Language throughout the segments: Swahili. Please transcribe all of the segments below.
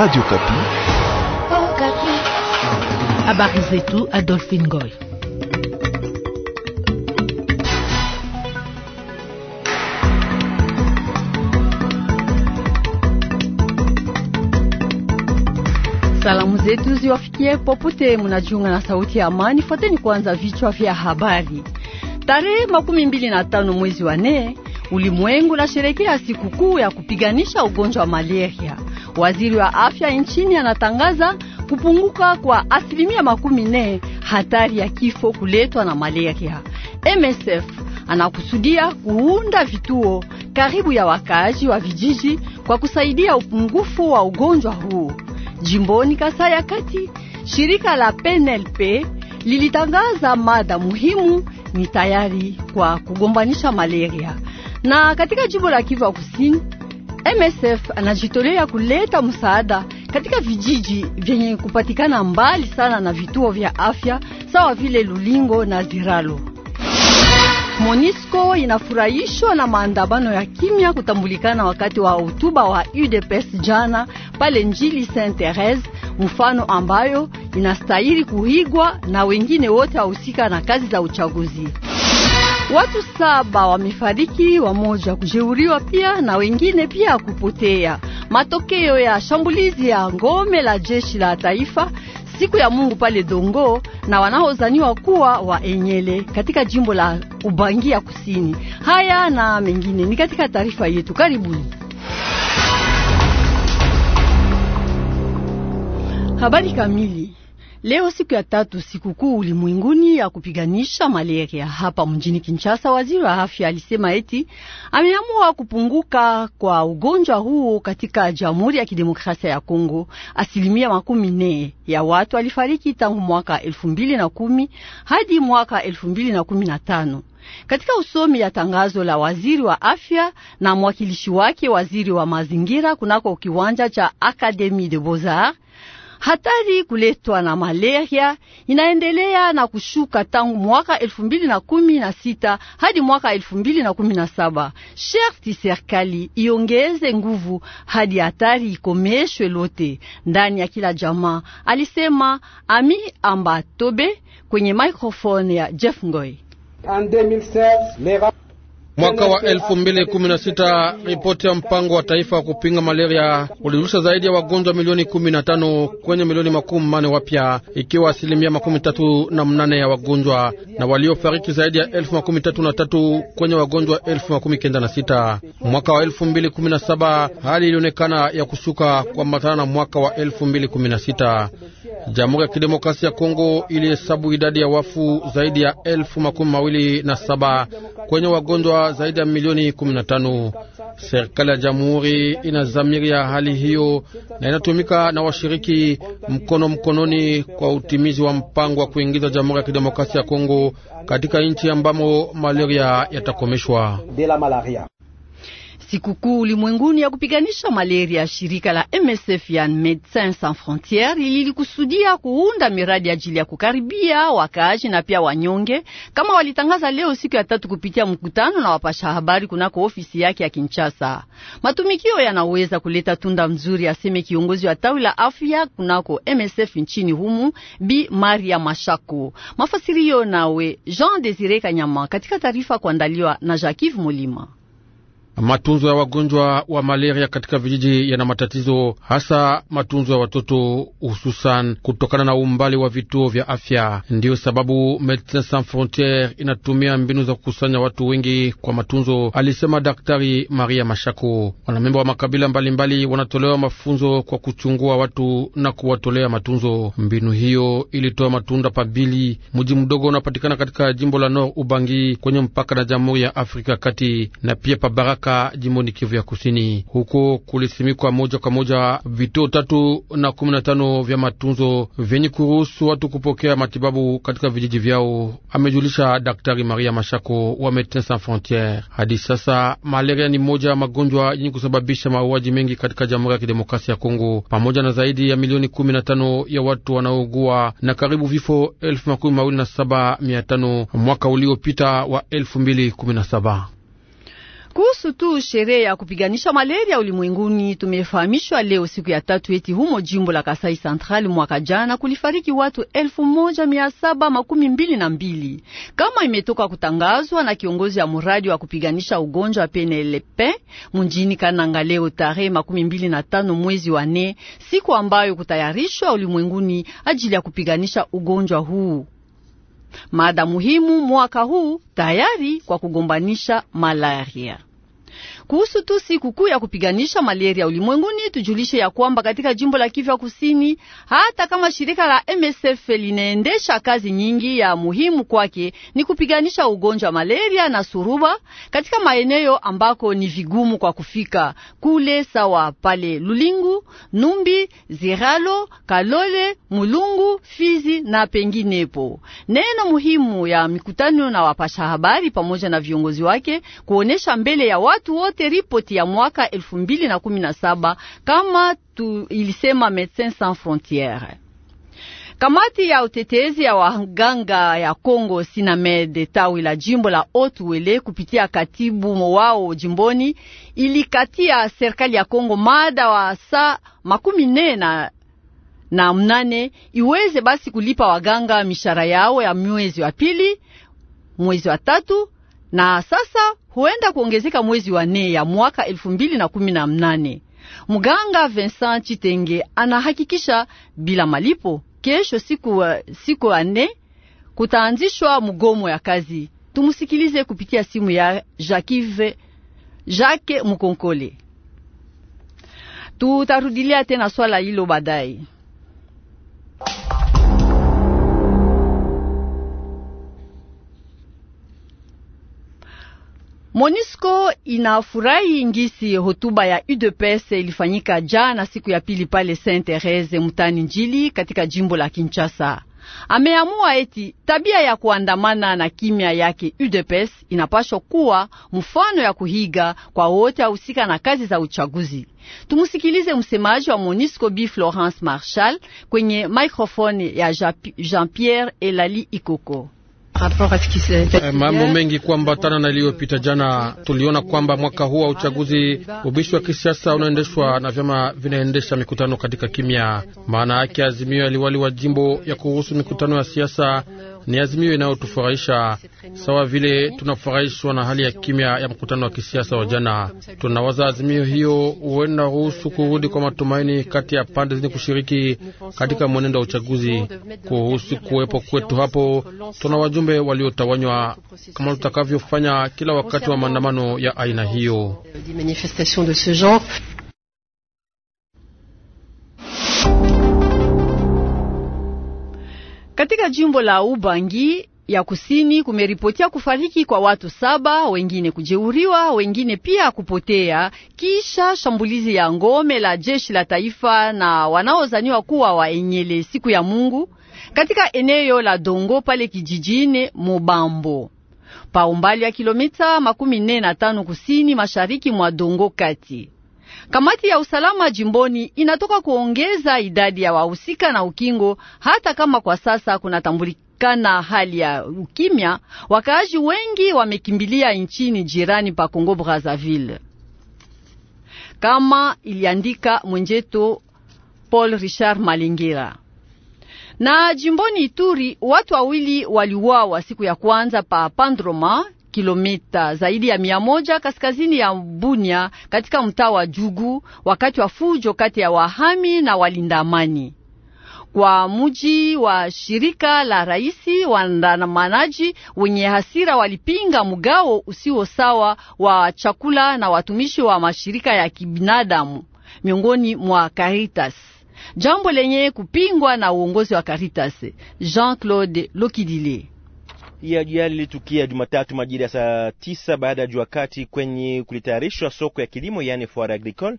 Radio Kapi. Habari zetu Adolphe Ngoy. Salamu zetu ziwafikie popote munajiunga na sauti ya amani. Fuateni kwanza vichwa vya habari. Tarehe makumi mbili na tano mwezi wa nne ulimwengu na sikukuu ya kupiganisha ugonjwa wa malaria. Waziri wa afya nchini anatangaza kupunguka kwa asilimia makumi nne hatari ya kifo kuletwa na malaria. MSF anakusudia kuunda vituo karibu ya wakaaji wa vijiji kwa kusaidia upungufu wa ugonjwa huu. Jimboni Kasai ya Kati, shirika la PNLP lilitangaza mada muhimu ni tayari kwa kugombanisha malaria. Na katika jimbo la Kivu ya Kusini MSF anajitolea kuleta msaada katika vijiji vyenye kupatikana mbali sana na vituo vya afya sawa vile Lulingo na Ziralo. Monisco inafurahishwa na maandamano ya kimya kutambulikana wakati wa hotuba wa UDPS jana pale Njili Saint Therese, mfano ambayo inastahili kuigwa na wengine wote wahusika na kazi za uchaguzi. Watu saba wamefariki, wamoja kujeuriwa pia na wengine pia kupotea. Matokeo ya shambulizi ya ngome la jeshi la taifa siku ya Mungu pale Dongo na wanaozaniwa kuwa wa Enyele katika jimbo la Ubangi ya Kusini. Haya na mengine ni katika taarifa yetu, karibuni. Habari kamili Leo siku ya tatu, sikukuu ulimwenguni ya kupiganisha malaria. Hapa mjini Kinshasa, waziri wa afya alisema eti ameamua kupunguka kwa ugonjwa huo katika Jamhuri ya Kidemokrasia ya Kongo. Asilimia makumi nne ya watu alifariki tangu mwaka elfu mbili na kumi hadi mwaka elfu mbili na kumi na tano katika usomi ya tangazo la waziri wa afya na mwakilishi wake waziri wa mazingira kunako kiwanja cha Akademi de Beaux-Arts Hatari kuletwa na malaria inaendelea na kushuka tangu mwaka elfu mbili na kumi na sita hadi mwaka elfu mbili na kumi na saba. Sherti serikali iongeze nguvu hadi hatari ikomeshwe lote ndani ya kila jamaa, alisema Ami Amba Tobe kwenye microphone ya Jeff ngoy Mwaka wa 2016 ripoti ya mpango wa taifa wa kupinga malaria ulirusha zaidi ya wagonjwa milioni 15 kwenye milioni makumi mane wapya, ikiwa asilimia makumi tatu na mnane ya wagonjwa na waliofariki zaidi ya elfu makumi tatu na tatu kwenye wagonjwa elfu makumi kenda na sita. Mwaka wa 2017 hali ilionekana ya kushuka kuambatana na mwaka wa 2016. Jamhuri ya Kidemokrasia ya Kongo ilihesabu idadi ya wafu zaidi ya elfu makumi mawili na saba kwenye wagonjwa zaidi ya milioni 15. Serikali ya jamhuri inazamiria hali hiyo na inatumika na washiriki mkono mkononi kwa utimizi wa mpango wa kuingiza Jamhuri ya Kidemokrasia ya Kongo katika nchi ambamo malaria yatakomeshwa. Sikukuu ulimwenguni ya kupiganisha malaria, shirika la MSF ya Medecins Sans Frontieres lilikusudia kuunda miradi ajili ya kukaribia wakaaji na pia wanyonge, kama walitangaza leo siku ya tatu kupitia mkutano na wapasha habari kunako ofisi yake ya Kinshasa. Matumikio yanaweza kuleta tunda mzuri, aseme kiongozi wa tawi la afya kunako MSF nchini humu, Bi Maria Mashako. Mafasirio nawe Jean Desire Kanyama katika taarifa kuandaliwa na Jacques Mulima. Matunzo ya wagonjwa wa malaria katika vijiji yana matatizo, hasa matunzo ya watoto, hususan kutokana na umbali wa vituo vya afya. Ndiyo sababu Medecins Sans Frontieres inatumia mbinu za kukusanya watu wengi kwa matunzo, alisema Daktari Maria Mashako. Wanamemba wa makabila mbalimbali mbali wanatolewa mafunzo kwa kuchungua watu na kuwatolea matunzo. Mbinu hiyo ilitoa matunda Pabili, mji mdogo unapatikana katika jimbo la Nord Ubangi kwenye mpaka na Jamhuri ya Afrika Kati, na pia Pabaraka Baraka jimboni Kivu ya Kusini. Huko kulisimikwa moja kwa moja vituo tatu na kumi na tano vya matunzo vyenye kuruhusu watu kupokea matibabu katika vijiji vyao, amejulisha Daktari Maria Mashako wa Medecins Sans Frontieres. Hadi sasa malaria ni moja ya magonjwa yenye kusababisha mauaji mengi katika Jamhuri ya Kidemokrasia ya Kongo, pamoja na zaidi ya milioni kumi na tano ya watu wanaougua na karibu vifo elfu makumi mawili na saba mia tano mwaka uliopita wa elfu mbili kumi na saba. Kuhusu tu sherehe ya kupiganisha malaria ulimwenguni, tumefahamishwa leo siku ya tatu eti humo jimbo la Kasai Central mwaka jana kulifariki watu elfu moja mia saba makumi mbili na mbili kama imetoka kutangazwa na kiongozi ya muradi wa kupiganisha ugonjwa PNLP munjini Kananga leo tarehe makumi mbili na tano mwezi wa nne, siku ambayo kutayarishwa ulimwenguni ajili ya kupiganisha ugonjwa huu. Mada muhimu mwaka huu tayari kwa kugombanisha malaria. Kuhusu tu siku kuu ya kupiganisha malaria ulimwenguni, tujulishe ya kwamba katika jimbo la Kivu Kusini, hata kama shirika la MSF linaendesha kazi nyingi, ya muhimu kwake ni kupiganisha ugonjwa wa malaria na suruba katika maeneo ambako ni vigumu kwa kufika kule, sawa pale Lulingu, Numbi, Ziralo, Kalole, Mulungu, Fizi na penginepo. Neno muhimu ya mikutano na wapasha habari pamoja na viongozi wake kuonesha mbele ya watu wote Tufuate ripoti ya mwaka 2017 kama tu ilisema Medecins Sans Frontieres. Kamati ya utetezi ya waganga ya Kongo Sinamed tawi la jimbo la Otwele kupitia katibu wao jimboni ilikatia serikali ya Kongo mada wa saa makumi nne na na mnane iweze basi kulipa waganga mishara yao ya mwezi wa pili, mwezi wa tatu na sasa huenda kuongezeka mwezi wa nne ya mwaka elfu mbili na kumi na mnane. Muganga Vincent Chitenge anahakikisha bila malipo kesho, siku siku ya nne kutaanzishwa mgomo ya kazi. Tumusikilize kupitia simu ya Jacques Jacques Mukonkole. Tutarudilia tena swala hilo baadaye. Monisco inafurahi ngisi hotuba ya UDPS ilifanyika jana siku ya pili pale Saint Therese mtani Njili katika jimbo la Kinshasa. Ameamua eti tabia ya kuandamana na kimya yake UDPS inapaswa kuwa mfano ya kuhiga kwa wote ahusika na kazi za uchaguzi. Tumusikilize msemaji wa Monisco Bi Florence Marshall kwenye microphone ya Jean-Pierre Elali Ikoko. Eh, mambo mengi kuambatana na iliyopita jana. Tuliona kwamba mwaka huu wa uchaguzi, ubishi wa kisiasa unaendeshwa na vyama vinaendesha mikutano katika kimya. Maana yake azimio ya liwali wa jimbo ya kuhusu mikutano ya siasa ni azimio inayotufurahisha sawa vile tunafurahishwa na hali ya kimya ya mkutano wa kisiasa wa jana. Tunawaza azimio hiyo huenda ruhusu kurudi kwa matumaini kati ya pande zenye kushiriki katika mwenendo wa uchaguzi. Kuhusu kuwepo kwetu hapo, tuna wajumbe waliotawanywa kama tutakavyofanya kila wakati wa maandamano ya aina hiyo. Katika jimbo la Ubangi ya kusini kumeripotia kufariki kwa watu saba, wengine kujeuriwa, wengine pia kupotea kisha shambulizi ya ngome la jeshi la taifa na wanaozaniwa kuwa waenyele siku ya Mungu katika eneo la Dongo pale kijijini Mubambo pa umbali ya kilomita makumi nne na tano kusini mashariki mwa Dongo kati. Kamati ya usalama jimboni inatoka kuongeza idadi ya wahusika na ukingo, hata kama kwa sasa kunatambulikana hali ya ukimya. Wakaaji wengi wamekimbilia nchini jirani pa Kongo Brazzaville, kama iliandika mwenjeto Paul Richard Malingira na jimboni Ituri watu wawili waliuawa siku ya kwanza pa Pandroma kilomita zaidi ya mia moja kaskazini ya Bunia katika mtaa wa Jugu wakati wa fujo kati ya wahami na walinda amani. Kwa muji wa shirika la raisi, waandamanaji wenye hasira walipinga mgao usio sawa wa chakula na watumishi wa mashirika ya kibinadamu miongoni mwa Caritas, jambo lenye kupingwa na uongozi wa Caritas. Jean-Claude Lokidile ya ajali ilitukia Jumatatu majira ya saa tisa baada ya jua kati kwenye kulitayarishwa soko ya kilimo, yaani foire agricole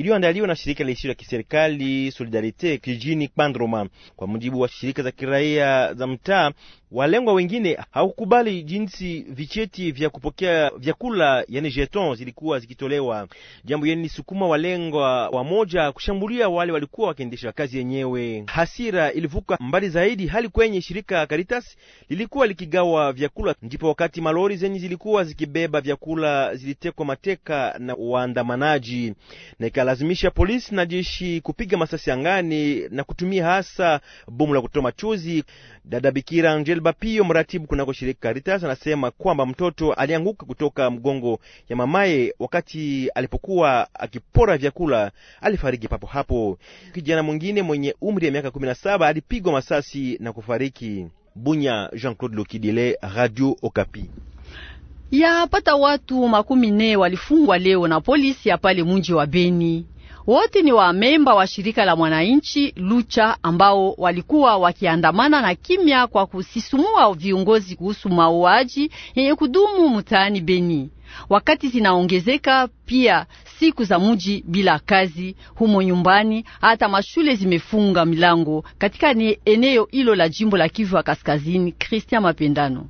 iliyoandaliwa na shirika lisilo la kiserikali Solidarite kijijini Pandroma. Kwa mujibu wa shirika za kiraia za mtaa, walengwa wengine hawakubali jinsi vicheti vya kupokea vyakula yani jetons zilikuwa zikitolewa, jambo yani sukuma walengwa wamoja kushambulia wale walikuwa wakiendesha kazi yenyewe. Hasira ilivuka mbali zaidi hali kwenye shirika Caritas lilikuwa likigawa vyakula, ndipo wakati malori zenye zilikuwa zikibeba vyakula zilitekwa mateka na waandamanaji na ikalazimisha polisi na jeshi kupiga masasi angani na kutumia hasa bomu la kutoa machozi. Dada Bikira Angel Bapio, mratibu kunako shirika Caritas, anasema kwamba mtoto alianguka kutoka mgongo ya mamaye wakati alipokuwa akipora vyakula, alifariki papo hapo. Kijana mwingine mwenye umri ya miaka 17 alipigwa masasi na kufariki. Bunya, Jean-Claude Lokidile, Radio Okapi yapata watu makumi nne walifungwa leo na polisi ya pale mji wa Beni. Wote ni wamemba wa shirika la mwananchi Lucha ambao walikuwa wakiandamana na kimya kwa kusisumua viongozi kuhusu mauaji yenye kudumu mtaani Beni. Wakati zinaongezeka pia siku za muji bila kazi humo nyumbani, hata mashule zimefunga milango katika eneo hilo la jimbo la Kivu ya Kaskazini. Christian Mapendano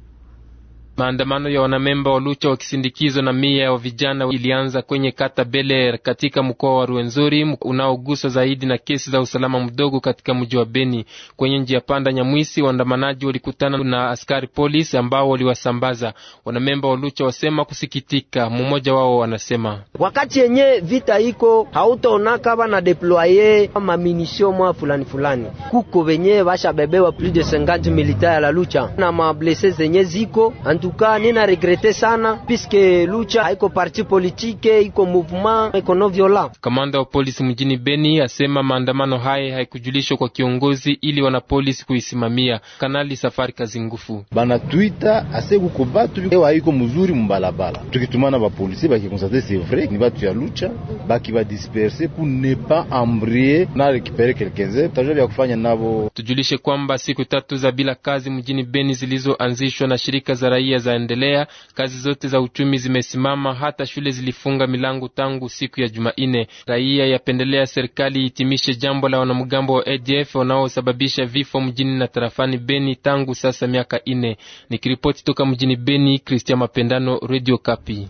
Maandamano ya wanamemba wa Lucha wakisindikizwa na mia ya vijana ilianza kwenye kata Beler katika mkoa wa Ruenzori unaogusa zaidi na kesi za usalama mdogo katika mji wa Beni. Kwenye njia panda Nyamwisi, waandamanaji walikutana na askari polisi ambao waliwasambaza. Wanamemba wa Lucha wasema kusikitika. Mmoja wao anasema wakati yenye vita iko hautaonaka bana deploye maminisio mwa fulani fulani, kuko venye bashabebewa plus de 50 militaire la Lucha na mablese zenye ziko antu antuka nina regrete sana piske lucha haiko parti politike, iko mouvement iko non violent. Kamanda wa polisi mjini Beni asema maandamano haya haikujulishwa kwa kiongozi ili wanapolisi kuisimamia. Kanali Safari Kazingufu banatwita asekuko batu ewa haiko mzuri mbalabala, tukitumana bapolisi bakikonstate c'est vrai ni batu ya lucha bakibadisperse pour ne pas embrouiller na récupérer quelques heures tajua vya kufanya navo. Tujulishe kwamba siku tatu za bila kazi mjini Beni zilizoanzishwa na shirika za raia zaendelea, kazi zote za uchumi zimesimama, hata shule zilifunga milango tangu siku ya Jumanne. Raia yapendelea serikali ihitimishe jambo la wanamgambo wa ADF wanaosababisha vifo mjini na tarafani Beni tangu sasa miaka ine. Nikiripoti toka mjini Beni, Christian Mapendano, Radio Kapi.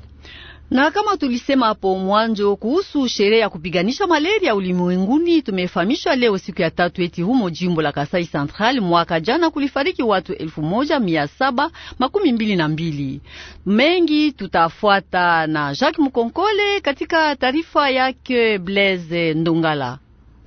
Na kama tulisema hapo mwanzo kuhusu sherehe ya kupiganisha malaria ulimwenguni, tumefahamishwa leo siku ya tatu eti humo jimbo la Kasai Central mwaka jana kulifariki watu elfu moja mia saba makumi mbili na mbili. Mengi tutafuata na Jacques Mukonkole katika taarifa yake Blaise Ndongala.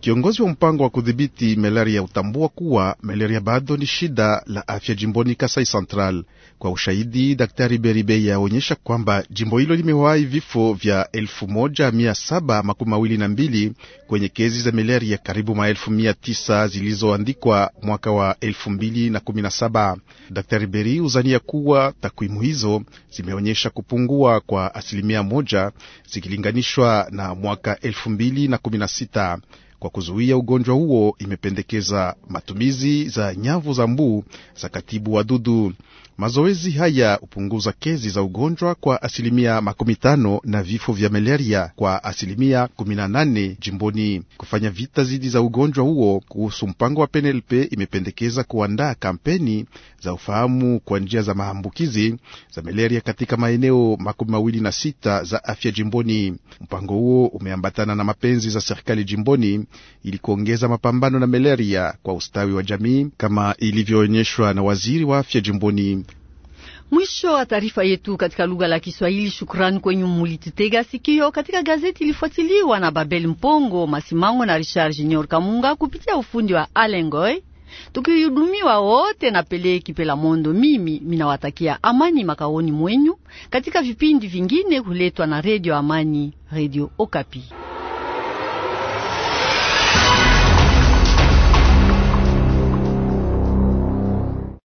Kiongozi wa mpango wa kudhibiti malaria utambua kuwa malaria bado ni shida la afya jimboni Kasai Central. Kwa ushahidi, Daktari Beribei aonyesha kwamba jimbo hilo limewahi vifo vya 1722 kwenye kesi za malaria, karibu maelfu 9 zilizoandikwa mwaka wa 2017. Daktari Beri huzania kuwa takwimu hizo zimeonyesha kupungua kwa asilimia moja zikilinganishwa na mwaka 2016 kwa kuzuia ugonjwa huo imependekeza matumizi za nyavu za mbuu za katibu wadudu. Mazoezi haya hupunguza kesi za ugonjwa kwa asilimia makumi tano na vifo vya malaria kwa asilimia kumi na nane jimboni. Kufanya vita dhidi za ugonjwa huo, kuhusu mpango wa PNLP imependekeza kuandaa kampeni za ufahamu kwa njia za maambukizi za malaria katika maeneo makumi mawili na sita za afya jimboni. Mpango huo umeambatana na mapenzi za serikali jimboni ili kuongeza mapambano na malaria kwa ustawi wa jamii kama ilivyoonyeshwa na waziri wa afya jimboni. Mwisho wa taarifa yetu katika lugha la Kiswahili. Shukrani kwenyu mulitutega sikio katika gazeti ilifuatiliwa na Babel Mpongo Masimango na Richard Junior Kamunga kupitia ufundi wa Alengoy, tukihudumiwa wote na pele kipela Mondo. Mimi minawatakia amani makaoni mwenyu katika vipindi vingine huletwa na Redio Amani, Redio Okapi.